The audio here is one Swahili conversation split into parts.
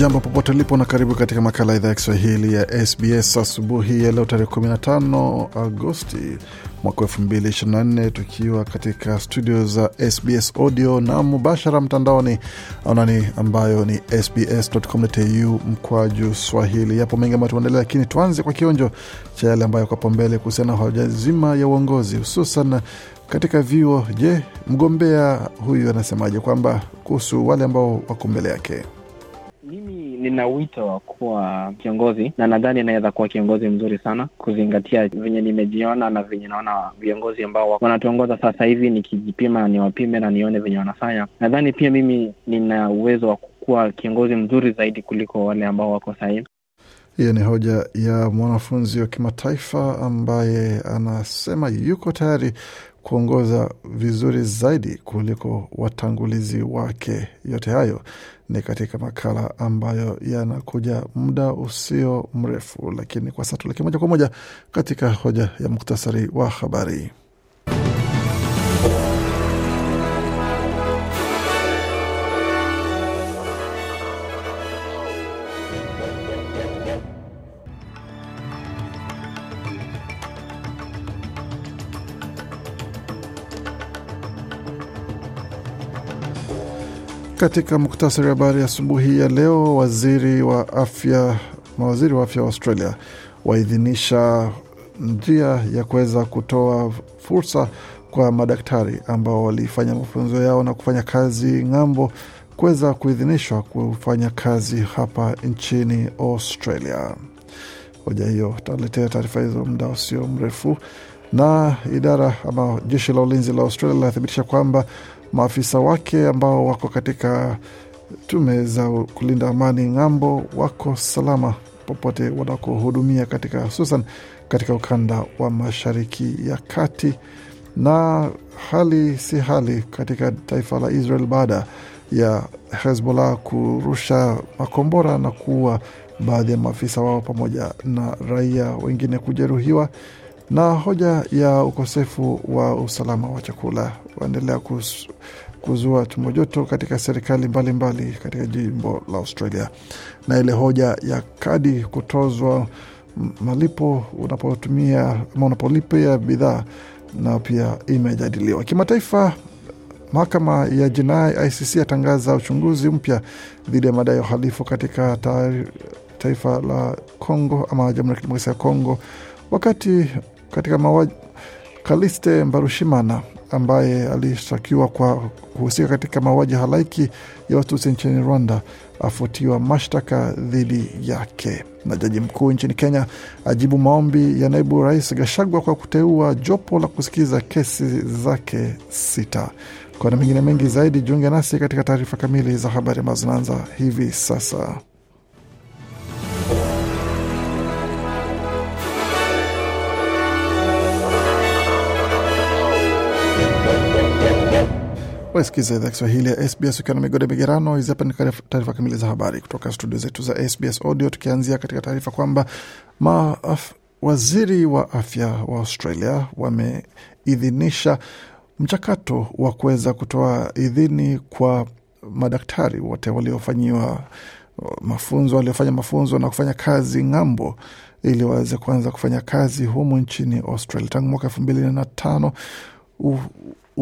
Jambo popote ulipo na karibu katika makala idhaa ya Kiswahili ya SBS asubuhi ya leo tarehe 15 Agosti mwaka 2024, tukiwa katika studio za SBS audio na mubashara mtandaoni aonani, ambayo ni sbs.com.au mkwaju swahili. Yapo mengi ambayo tumaendelea, lakini tuanze kwa kionjo cha yale ambayo kwa mbele kuhusiana na hoja zima ya uongozi hususan katika vyuo. Je, mgombea huyu anasemaje kwamba kuhusu wale ambao wako mbele yake? nina wito wa kuwa kiongozi na nadhani inaweza kuwa kiongozi mzuri sana, kuzingatia venye nimejiona na venye naona viongozi ambao wanatuongoza sasa hivi, nikijipima, niwapime na nione venye wanafanya. Nadhani pia mimi nina uwezo wa kuwa kiongozi mzuri zaidi kuliko wale ambao wako sahii. Hiyo ni hoja ya mwanafunzi wa kimataifa ambaye anasema yuko tayari kuongoza vizuri zaidi kuliko watangulizi wake. Yote hayo ni katika makala ambayo yanakuja muda usio mrefu, lakini kwa sasa tulekee moja kwa moja katika hoja ya muktasari wa habari. Katika muktasari wa habari asubuhi ya, leo, waziri wa afya, mawaziri wa afya wa Australia waidhinisha njia ya kuweza kutoa fursa kwa madaktari ambao walifanya mafunzo yao na kufanya kazi ng'ambo kuweza kuidhinishwa kufanya kazi hapa nchini Australia. Hoja hiyo taletea taarifa hizo muda usio mrefu. Na idara ama jeshi la ulinzi la Australia linathibitisha kwamba maafisa wake ambao wako katika tume za kulinda amani ng'ambo wako salama popote wanakohudumia katika hususan katika ukanda wa mashariki ya kati. Na hali si hali katika taifa la Israel baada ya Hezbollah kurusha makombora na kuua baadhi ya maafisa wao pamoja na raia wengine kujeruhiwa. Na hoja ya ukosefu wa usalama wa chakula waendelea kuzua tumo joto katika serikali mbalimbali mbali katika jimbo la Australia, na ile hoja ya kadi kutozwa malipo unapotumia ama unapolipia bidhaa na pia imejadiliwa kimataifa. Mahakama ya jinai ICC yatangaza uchunguzi mpya dhidi ya madai ya uhalifu katika taifa la Kongo ama Jamhuri ya Kidemokrasia ya Kongo, wakati katika mauaji Kaliste Mbarushimana ambaye alishtakiwa kwa kuhusika katika mauaji halaiki ya Watusi nchini Rwanda afutiwa mashtaka dhidi yake. Na jaji mkuu nchini Kenya ajibu maombi ya naibu rais Gashagwa kwa kuteua jopo la kusikiza kesi zake sita. Kwa na mengine mengi zaidi, jiunge nasi katika taarifa kamili za habari ambazo zinaanza hivi sasa. idhaa Kiswahili ya SBS ukiwa na migode migerano. Hizi hapa ni taarifa kamili za habari kutoka studio zetu za SBS Audio, tukianzia katika taarifa kwamba waziri wa afya wa Australia wameidhinisha mchakato wa kuweza kutoa idhini kwa madaktari wote waliofanyiwa mafunzo waliofanya mafunzo na kufanya kazi ng'ambo ili waweze kuanza kufanya kazi humu nchini Australia tangu mwaka elfu mbili na tano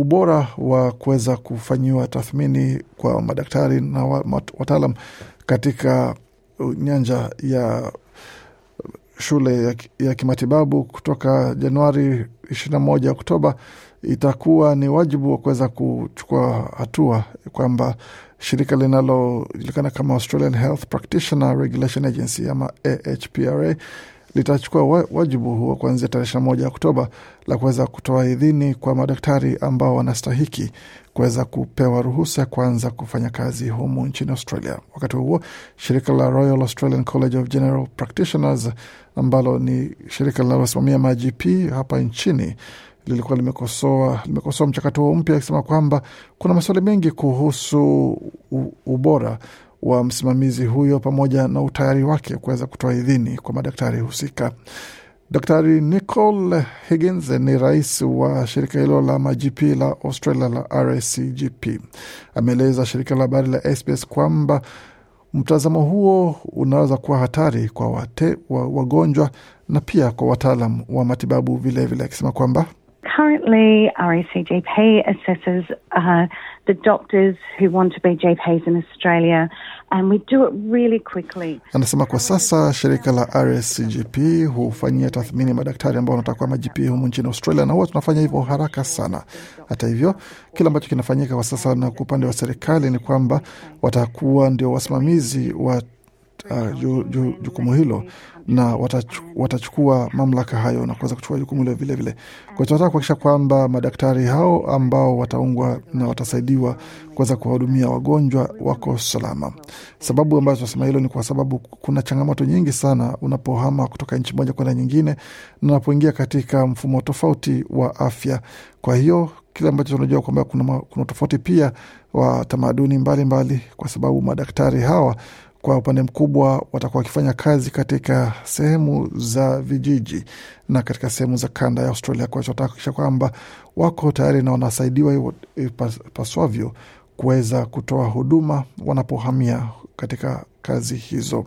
ubora wa kuweza kufanyiwa tathmini kwa madaktari na wataalam katika uh, nyanja ya uh, shule ya, kimatibabu kutoka Januari 21 Oktoba, itakuwa ni wajibu wa kuweza kuchukua hatua kwamba shirika linalojulikana kama Australian Health Practitioner Regulation Agency ama AHPRA litachukua wajibu huo kuanzia tarehe moja Oktoba la kuweza kutoa idhini kwa madaktari ambao wanastahiki kuweza kupewa ruhusa ya kuanza kufanya kazi humu nchini Australia. Wakati huo shirika la Royal Australian College of General Practitioners ambalo ni shirika linalosimamia magp hapa nchini lilikuwa limekosoa limekosoa mchakato huo mpya akisema kwamba kuna maswali mengi kuhusu u, ubora wa msimamizi huyo pamoja na utayari wake kuweza kutoa idhini kwa madaktari husika. Daktari Nicole Higgins ni rais wa shirika hilo la maGP la Australia la RACGP. Ameeleza shirika la habari la SBS kwamba mtazamo huo unaweza kuwa hatari kwa wate, wa, wagonjwa na pia kwa wataalam wa matibabu vilevile, akisema vile kwamba currently our ECGP assesses uh, the doctors who want to be GPs in Australia and we do it really quickly. Anasema kwa sasa shirika la RSCGP hufanyia tathmini madaktari ambao wanataka kuwa GP humu nchini Australia, na huwa tunafanya hivyo haraka sana. Hata hivyo, kile ambacho kinafanyika kwa sasa na kwa upande wa serikali ni kwamba watakuwa ndio wasimamizi wa uh, jukumu hilo na watachu, watachukua mamlaka hayo na kuweza kuchukua jukumu hilo vilevile. Kwa hiyo tunataka kuhakikisha kwamba madaktari hao ambao wataungwa na watasaidiwa kuweza kuwahudumia wagonjwa wako salama. Sababu ambayo tunasema hilo ni kwa sababu kuna changamoto nyingi sana unapohama kutoka nchi moja kwenda nyingine na unapoingia katika mfumo tofauti wa afya. Kwa hiyo kile ambacho tunajua kwamba kuna, kuna tofauti pia wa tamaduni mbalimbali mbali, kwa sababu madaktari hawa kwa upande mkubwa watakuwa wakifanya kazi katika sehemu za vijiji na katika sehemu za kanda ya Australia, kwa hicho kwamba wako tayari na wanasaidiwa ipaswavyo kuweza kutoa huduma wanapohamia katika kazi hizo.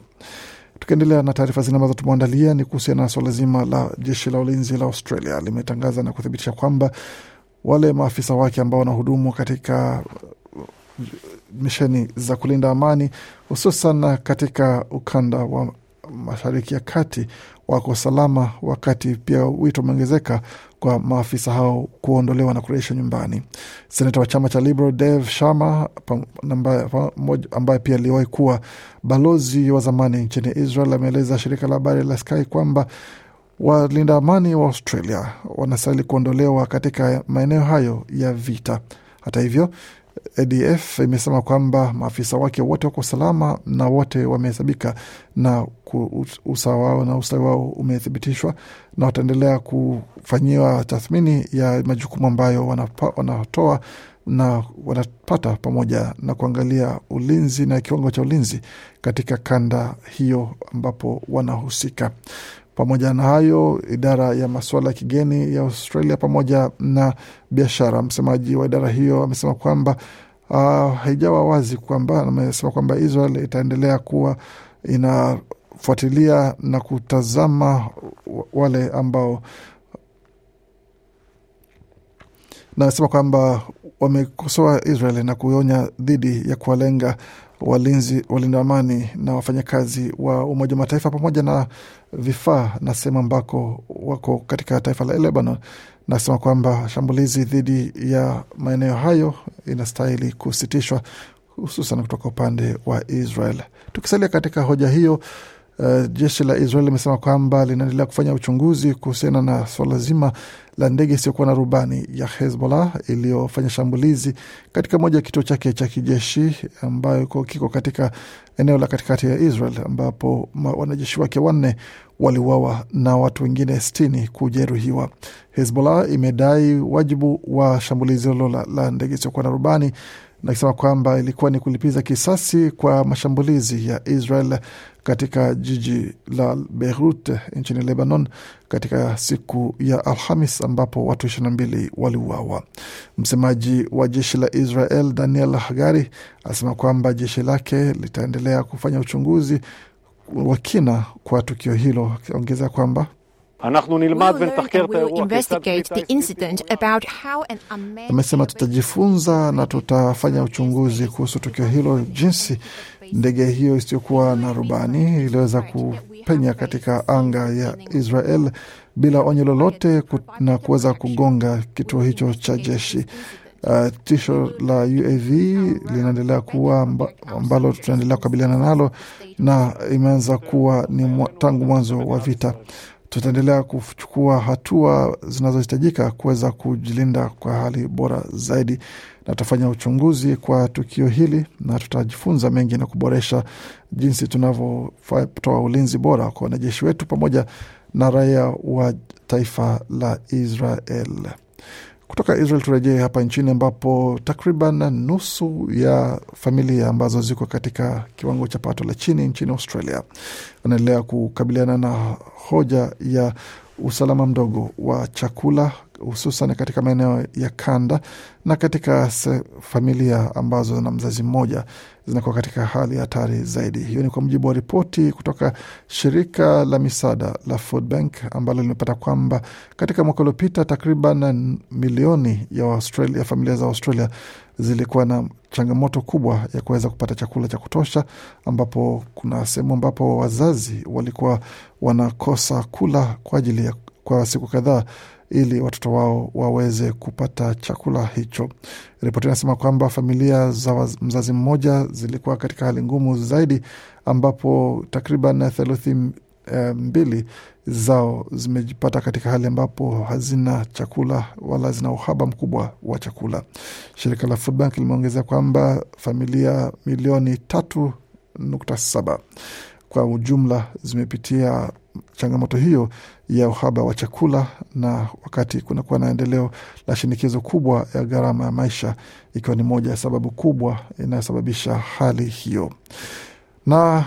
Tukiendelea na taarifa zingine ambazo tumeandalia ni kuhusiana na suala zima la jeshi la ulinzi la Australia limetangaza na kuthibitisha kwamba wale maafisa wake ambao wanahudumu katika misheni za kulinda amani hususan katika ukanda wa Mashariki ya Kati wako salama, wakati pia wito umeongezeka kwa maafisa hao kuondolewa na kurejeshwa nyumbani. Seneta wa chama cha Liberal Dave Sharma ambaye pia aliwahi kuwa balozi wa zamani nchini Israel ameeleza shirika la habari la Sky kwamba walinda amani wa Australia wanastahili kuondolewa katika maeneo hayo ya vita. Hata hivyo ADF imesema kwamba maafisa wake wote wako salama na wote wamehesabika na usawa wao na ustawi wao umethibitishwa na wataendelea kufanyiwa tathmini ya majukumu ambayo wanatoa na wanapata pamoja na kuangalia ulinzi na kiwango cha ulinzi katika kanda hiyo ambapo wanahusika. Pamoja na hayo, idara ya masuala ya kigeni ya Australia pamoja na biashara, msemaji wa idara hiyo amesema kwamba uh, haijawa wazi kwamba, amesema kwamba Israel itaendelea kuwa inafuatilia na kutazama wale ambao na amesema kwamba wamekosoa Israel na kuonya dhidi ya kuwalenga walinzi walinda amani na wafanyakazi wa Umoja wa Mataifa pamoja na vifaa na sehemu ambako wako katika taifa la Lebanon, nasema kwamba shambulizi dhidi ya maeneo hayo inastahili kusitishwa hususan kutoka upande wa Israel. Tukisalia katika hoja hiyo Eh, jeshi la Israel limesema kwamba linaendelea kufanya uchunguzi kuhusiana na swala zima la ndege isiyokuwa na rubani ya Hezbollah iliyofanya shambulizi katika moja ya kituo chake cha kijeshi ambayo kiko katika eneo la katikati ya Israel ambapo wanajeshi wake wanne waliuawa na watu wengine sitini kujeruhiwa. Hezbollah imedai wajibu wa shambulizi hilo la, la ndege isiyokuwa na rubani na kwamba ilikuwa ni kulipiza kisasi kwa mashambulizi ya Israel katika jiji la Beirut nchini Lebanon katika siku ya Alhamis ambapo watu mbili waliuawa. Msemaji wa jeshi la Israel Daniel Hagari anasema kwamba jeshi lake litaendelea kufanya uchunguzi wa kina kwa tukio hilo, akiongezea kwamba Amesema tutajifunza na tutafanya uchunguzi kuhusu tukio hilo, jinsi ndege hiyo isiyokuwa na rubani iliweza kupenya katika anga ya Israel bila onyo lolote na kuweza kugonga kituo hicho cha jeshi. Uh, tisho la UAV linaendelea kuwa ambalo tutaendelea kukabiliana nalo na imeanza kuwa ni mwa, tangu mwanzo wa vita tutaendelea kuchukua hatua zinazohitajika kuweza kujilinda kwa hali bora zaidi, na tutafanya uchunguzi kwa tukio hili na tutajifunza mengi na kuboresha jinsi tunavyotoa ulinzi bora kwa wanajeshi wetu pamoja na raia wa taifa la Israel. Kutoka Israel turejee hapa nchini ambapo takriban nusu ya familia ambazo ziko katika kiwango cha pato la chini nchini Australia wanaendelea kukabiliana na hoja ya usalama mdogo wa chakula hususan katika maeneo ya kanda na katika familia ambazo na mzazi mmoja zinakuwa katika hali ya hatari zaidi. Hiyo ni kwa mujibu wa ripoti kutoka shirika la misaada la Food Bank ambalo limepata kwamba katika mwaka uliopita takriban milioni ya Australia, familia za Australia zilikuwa na changamoto kubwa ya kuweza kupata chakula cha kutosha, ambapo kuna sehemu ambapo wazazi walikuwa wanakosa kula kwa ajili ya kwa siku kadhaa ili watoto wao waweze kupata chakula hicho. Ripoti inasema kwamba familia za mzazi mmoja zilikuwa katika hali ngumu zaidi, ambapo takriban theluthi eh, mbili zao zimejipata katika hali ambapo hazina chakula wala zina uhaba mkubwa wa chakula. Shirika la Food Bank limeongeza kwamba familia milioni tatu nukta saba kwa ujumla zimepitia changamoto hiyo ya uhaba wa chakula, na wakati kunakuwa na endeleo la shinikizo kubwa ya gharama ya maisha, ikiwa ni moja ya sababu kubwa inayosababisha hali hiyo na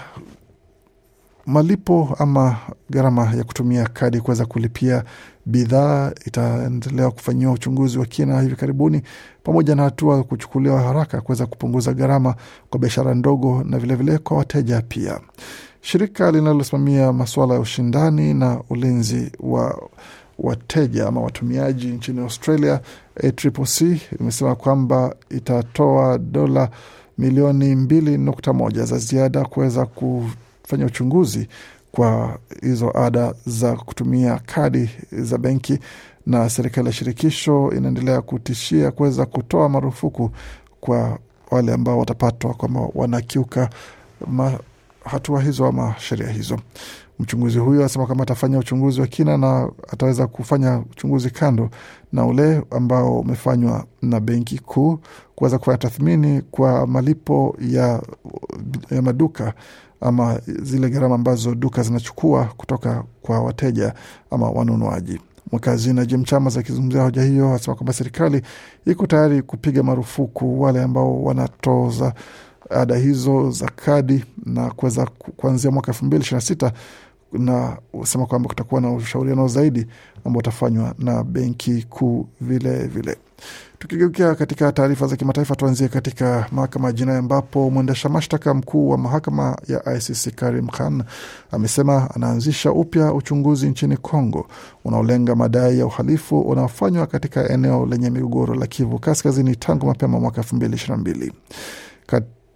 malipo ama gharama ya kutumia kadi kuweza kulipia bidhaa itaendelea kufanyiwa uchunguzi wa kina hivi karibuni, pamoja na hatua kuchukuliwa haraka kuweza kupunguza gharama kwa biashara ndogo na vilevile vile kwa wateja pia. Shirika linalosimamia masuala ya ushindani na ulinzi wa wateja ama watumiaji nchini Australia, ACCC imesema kwamba itatoa dola milioni mbili nukta moja za ziada kuweza ku kufanya uchunguzi kwa hizo ada za kutumia kadi za benki, na serikali ya shirikisho inaendelea kutishia kuweza kutoa marufuku kwa wale ambao watapatwa kwamba wanakiuka ma hatua hizo ama sheria hizo. Mchunguzi huyo anasema kwamba atafanya uchunguzi wa kina na ataweza kufanya uchunguzi kando na ule ambao umefanywa na benki kuu kuweza kufanya tathmini kwa malipo ya, ya maduka ama zile gharama ambazo duka zinachukua kutoka kwa wateja ama wanunuaji. Mwakazi na Jim Chalmers akizungumzia hoja hiyo asema kwamba serikali iko tayari kupiga marufuku wale ambao wanatoza ada hizo za kadi na kuweza kuanzia mwaka elfu mbili ishirini na sita na sema kwamba kutakuwa na ushauriano zaidi ambao utafanywa na benki kuu vilevile. Tukigeukia katika taarifa za kimataifa, tuanzie katika mahakama ya jinai ambapo mwendesha mashtaka mkuu wa mahakama ya ICC Karim Khan amesema anaanzisha upya uchunguzi nchini congo unaolenga madai ya uhalifu unaofanywa katika eneo lenye migogoro la Kivu Kaskazini tangu mapema mwaka elfu mbili ishirini na mbili.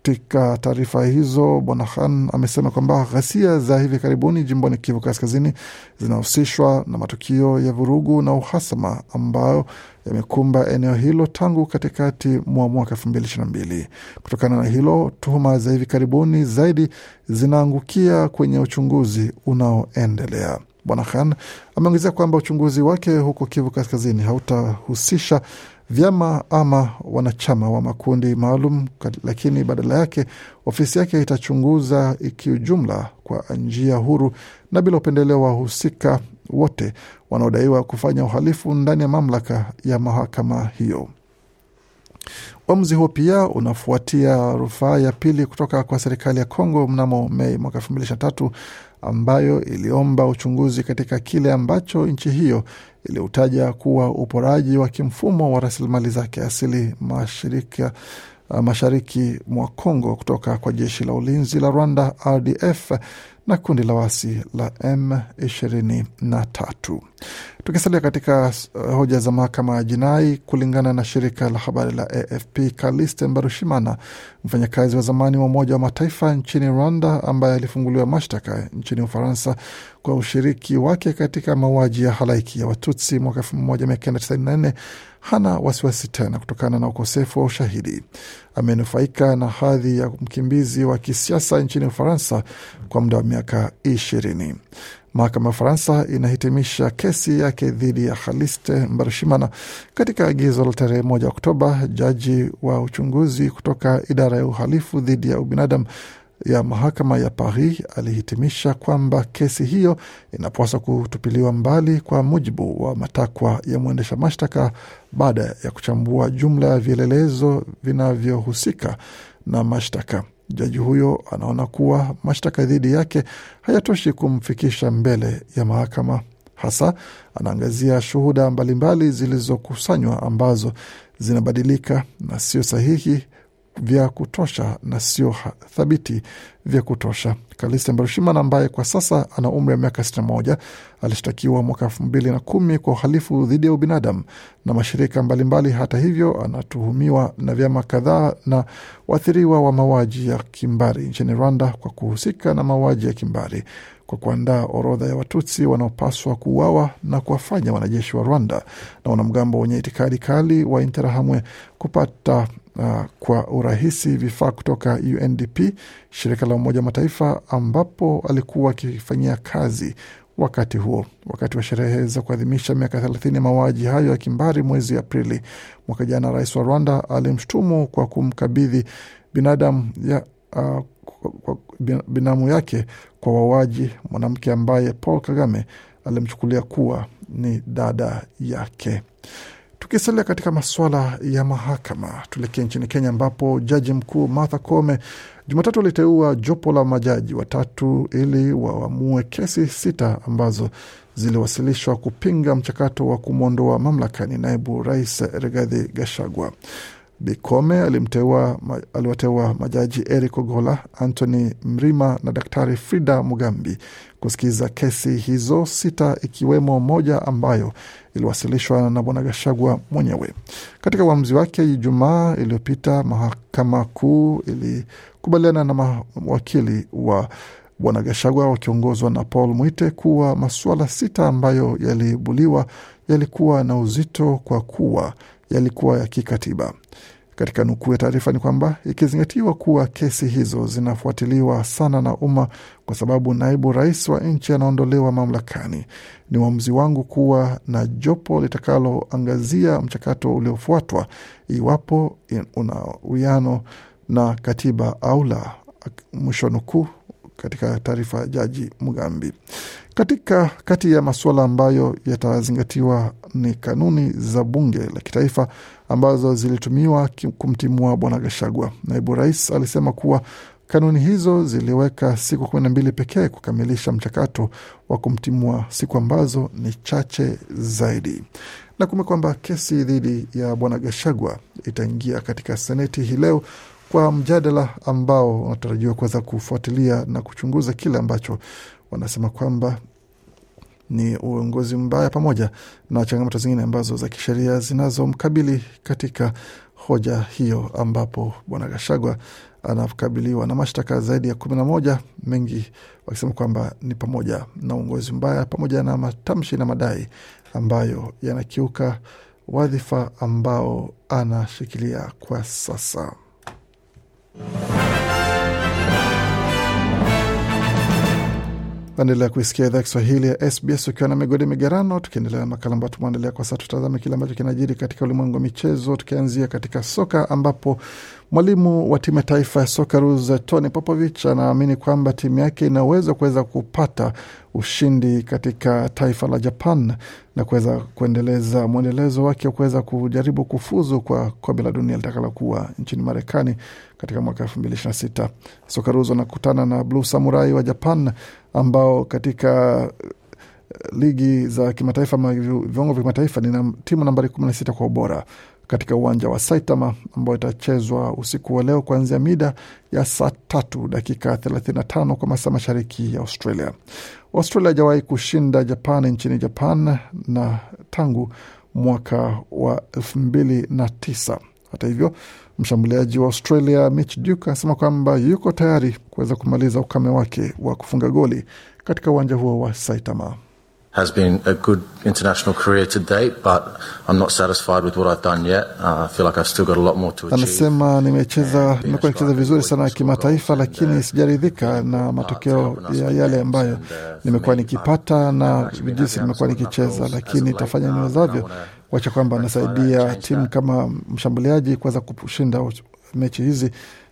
Katika taarifa hizo, Bwana Khan amesema kwamba ghasia za hivi karibuni jimboni Kivu Kaskazini zinahusishwa na matukio ya vurugu na uhasama ambayo yamekumba eneo hilo tangu katikati mwa mwaka elfu mbili ishirini na mbili. Kutokana na hilo, tuhuma za hivi karibuni zaidi zinaangukia kwenye uchunguzi unaoendelea. Bwana Khan ameongezea kwamba uchunguzi wake huko Kivu Kaskazini hautahusisha vyama ama wanachama wa makundi maalum, lakini badala yake ofisi yake itachunguza kiujumla kwa njia huru na bila upendeleo wahusika wote wanaodaiwa kufanya uhalifu ndani ya mamlaka ya mahakama hiyo. Uamuzi huo pia unafuatia rufaa ya pili kutoka kwa serikali ya Kongo mnamo Mei mwaka elfu mbili ishirini na tatu ambayo iliomba uchunguzi katika kile ambacho nchi hiyo iliyotaja kuwa uporaji wa kimfumo wa rasilimali zake asili mashirika mashariki mwa Kongo kutoka kwa jeshi la ulinzi la Rwanda RDF na kundi la wasi la M23. Tukisalia katika uh, hoja za mahakama ya jinai, kulingana na shirika la habari la AFP, Kaliste Mbarushimana, mfanyakazi wa zamani wa Umoja wa Mataifa nchini Rwanda, ambaye alifunguliwa mashtaka nchini Ufaransa kwa ushiriki wake katika mauaji ya halaiki ya Watutsi mwaka 1994 hana wasiwasi tena kutokana na ukosefu wa ushahidi amenufaika na hadhi ya mkimbizi wa kisiasa nchini Ufaransa kwa muda wa miaka ishirini. Mahakama ya ufaransa inahitimisha kesi yake dhidi ya haliste Mbarushimana katika agizo la tarehe moja Oktoba. Jaji wa uchunguzi kutoka idara ya uhalifu dhidi ya ubinadamu ya mahakama ya Paris alihitimisha kwamba kesi hiyo inapaswa kutupiliwa mbali kwa mujibu wa matakwa ya mwendesha mashtaka baada ya kuchambua jumla ya vielelezo vinavyohusika na mashtaka. Jaji huyo anaona kuwa mashtaka dhidi yake hayatoshi kumfikisha mbele ya mahakama. Hasa anaangazia shuhuda mbalimbali zilizokusanywa ambazo zinabadilika na sio sahihi vya kutosha na sio thabiti vya kutosha. Kalista Mbarushimana ambaye kwa sasa ana umri wa miaka 61 alishtakiwa mwaka kumi kwa uhalifu dhidi ya ubinadamu na mashirika mbalimbali mbali. Hata hivyo, anatuhumiwa na vyama kadhaa na waathiriwa wa mauaji ya kimbari nchini Rwanda kwa kuhusika na mauaji ya kimbari kwa kuandaa orodha ya Watutsi wanaopaswa kuuawa na kuwafanya wanajeshi wa Rwanda na wanamgambo wenye itikadi kali wa Interahamwe kupata uh, kwa urahisi vifaa kutoka UNDP, shirika la Umoja Mataifa ambapo alikuwa akifanyia kazi wakati huo. Wakati wa sherehe za kuadhimisha miaka thelathini ya mauaji hayo ya kimbari mwezi Aprili mwaka jana, rais wa Rwanda alimshutumu kwa kumkabidhi binadamu ya, uh, binamu yake kwa wauaji, mwanamke ambaye Paul Kagame alimchukulia kuwa ni dada yake. Tukisalia katika masuala ya mahakama, tuelekee nchini Kenya ambapo jaji mkuu Martha Koome Jumatatu aliteua jopo la majaji watatu ili waamue kesi sita ambazo ziliwasilishwa kupinga mchakato wa kumwondoa mamlakani naibu rais Rigathi Gachagua. Bikome alimteua aliwateua majaji Eric Ogola, Anthony Mrima na Daktari Frida Mugambi kusikiza kesi hizo sita ikiwemo moja ambayo iliwasilishwa na Bwana Gashagwa mwenyewe. Katika uamuzi wake Ijumaa iliyopita, mahakama kuu ilikubaliana na mawakili wa Bwana Gashagwa wakiongozwa na Paul Mwite kuwa masuala sita ambayo yaliibuliwa yalikuwa na uzito kwa kuwa yalikuwa ya kikatiba. Katika nukuu ya taarifa ni kwamba ikizingatiwa kuwa kesi hizo zinafuatiliwa sana na umma kwa sababu naibu rais wa nchi anaondolewa mamlakani, ni uamuzi wangu kuwa na jopo litakaloangazia mchakato uliofuatwa, iwapo una uwiano na katiba au la, mwisho nukuu katika taarifa ya Jaji Mugambi. Katika kati ya masuala ambayo yatazingatiwa ni kanuni za bunge la kitaifa ambazo zilitumiwa kumtimua bwana Gashagwa. Naibu rais alisema kuwa kanuni hizo ziliweka siku kumi na mbili pekee kukamilisha mchakato wa kumtimua, siku ambazo ni chache zaidi. na kume kwamba kesi dhidi ya bwana Gashagwa itaingia katika seneti hii leo kwa mjadala ambao unatarajiwa kuweza kufuatilia na kuchunguza kile ambacho wanasema kwamba ni uongozi mbaya pamoja na changamoto zingine ambazo za kisheria zinazomkabili katika hoja hiyo, ambapo bwana Gashagwa anakabiliwa na mashtaka zaidi ya kumi na moja, mengi wakisema kwamba ni pamoja na uongozi mbaya pamoja na matamshi na madai ambayo yanakiuka wadhifa ambao anashikilia kwa sasa. Naendelea kuisikia idhaa Kiswahili ya SBS ukiwa na migodi migerano, tukiendelea na makala ambayo tumeandalia kwa sasa. Tutazame kile ambacho kinajiri katika ulimwengu wa michezo, tukianzia katika soka ambapo Mwalimu wa timu ya taifa ya Socceroos Tony Popovich anaamini kwamba timu yake inaweza kuweza kupata ushindi katika taifa la Japan na kuweza kuendeleza mwendelezo wake wa kuweza kujaribu kufuzu kwa kombe la dunia litakalokuwa nchini Marekani katika mwaka elfu mbili ishirini na sita. Socceroos wanakutana na Blue Samurai wa Japan ambao katika eh, ligi za kimataifa viwango vya kimataifa ni timu nambari kumi na sita kwa ubora katika uwanja wa Saitama ambayo itachezwa usiku wa leo kuanzia mida ya saa tatu dakika 35 kwa masaa mashariki ya Australia. Australia hajawahi kushinda Japan nchini Japan na tangu mwaka wa elfu mbili na tisa. Hata hivyo mshambuliaji wa Australia Mitch Duke anasema kwamba yuko tayari kuweza kumaliza ukame wake wa kufunga goli katika uwanja huo wa Saitama has been a good international career to date, but I'm not satisfied with what I've done yet. Uh, I feel like I've still got a lot more to achieve. Anasema nimecheza, nimekuwa nikicheza vizuri sana kimataifa, lakini sijaridhika na uh, matokeo ya yale ambayo uh, nimekuwa nikipata na jinsi nimekuwa nikicheza, lakini tafanya um, niwezavyo kuacha kwamba anasaidia timu kama mshambuliaji kuweza kushinda mechi hizi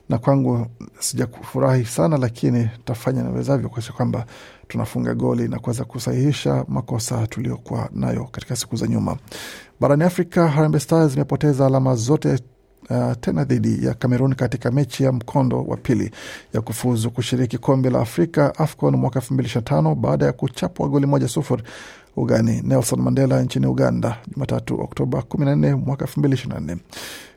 na kwangu sijakufurahi sana, lakini tafanya nawezavyo kuakisha kwamba tunafunga goli na kuweza kusahihisha makosa tuliokuwa nayo katika siku za nyuma. Barani Afrika, Harambee Stars imepoteza alama zote uh, tena dhidi ya cameroon katika mechi ya mkondo wa pili ya kufuzu kushiriki kombe la Afrika AFCON mwaka 2025 baada ya kuchapwa goli moja sufuri ugani Nelson Mandela nchini Uganda Jumatatu Oktoba 14 mwaka 2024.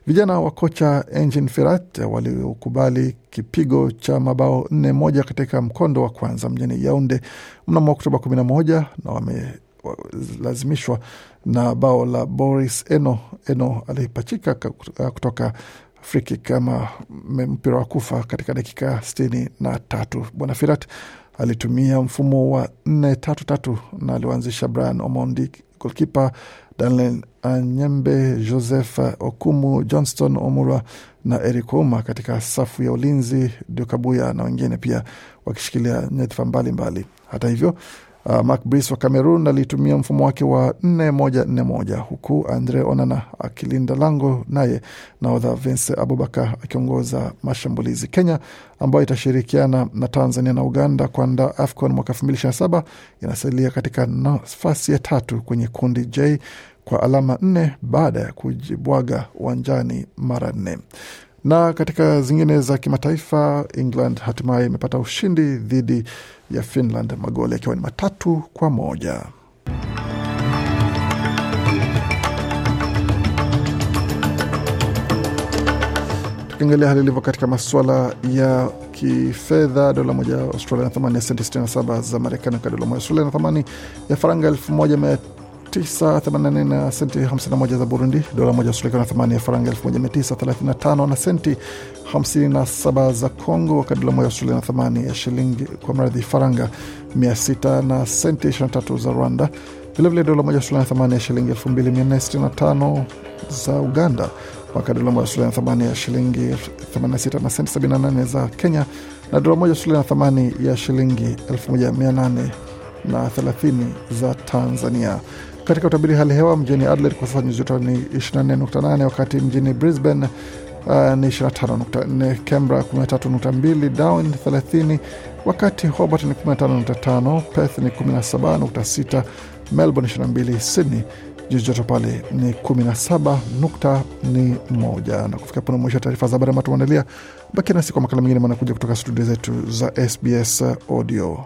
Vijana wa kocha Engin Firat waliokubali kipigo cha mabao nne moja katika mkondo wa kwanza mjini Yaunde mnamo Oktoba 11 na wamelazimishwa na bao la Boris Eno. Eno alipachika kutoka friki kama mpira wa kufa katika dakika sitini na tatu. Bwana Firat alitumia mfumo wa nne tatu tatu na alioanzisha Brian Omondi golkipa, Danlen Anyembe, Joseph Okumu, Johnston Omura na Eric Ouma katika safu ya ulinzi, Dukabuya na wengine pia wakishikilia nyadhifa mbalimbali. Hata hivyo Uh, Mark Brice wa Cameroon alitumia mfumo wake wa 4-1-4-1 huku Andre Onana akilinda lango naye nahodha Vince Abubakar akiongoza mashambulizi. Kenya ambayo itashirikiana na Tanzania na Uganda kwanda AFCON mwaka 2027 inasalia katika nafasi ya tatu kwenye kundi J kwa alama nne baada ya kujibwaga uwanjani mara nne. Na katika zingine za kimataifa, England hatimaye imepata ushindi dhidi ya Finland, magoli yakiwa ni matatu kwa moja. Tukiangalia hali ilivyo katika masuala ya kifedha, dola moja Australia na thamani ya senti 67 za Marekani, wakati dola moja Australia na thamani ya faranga elfu moja 984 na senti 51 za Burundi, dola moja Australia na thamani ya faranga 1935 na senti 57 za Kongo, wakati dola moja Australia na thamani ya shilingi kwa mradhi faranga 600 na senti 23 za Rwanda. Vilevile dola moja Australia na thamani ya shilingi 2465 za Uganda, wakati dola moja Australia na thamani ya shilingi 86 na senti 78 za Kenya, na dola moja Australia na thamani ya shilingi 1800 na 30 za Tanzania. Katika utabiri hali hewa mjini Adelaide kwa sasa nyuzi joto ni 24.8, wakati mjini Brisbane uh, ni 25.4, Canberra 13.2, Darwin 30, wakati Hobart ni 15.5, Perth ni 17.6, Melbourne 22, Sydney nyuzi joto pale ni 17.1. Na kufikia hapo mwisho wa taarifa za habari ambayo tumeandalia. baki nasi kwa makala mengine manakuja kutoka studio zetu za SBS Audio.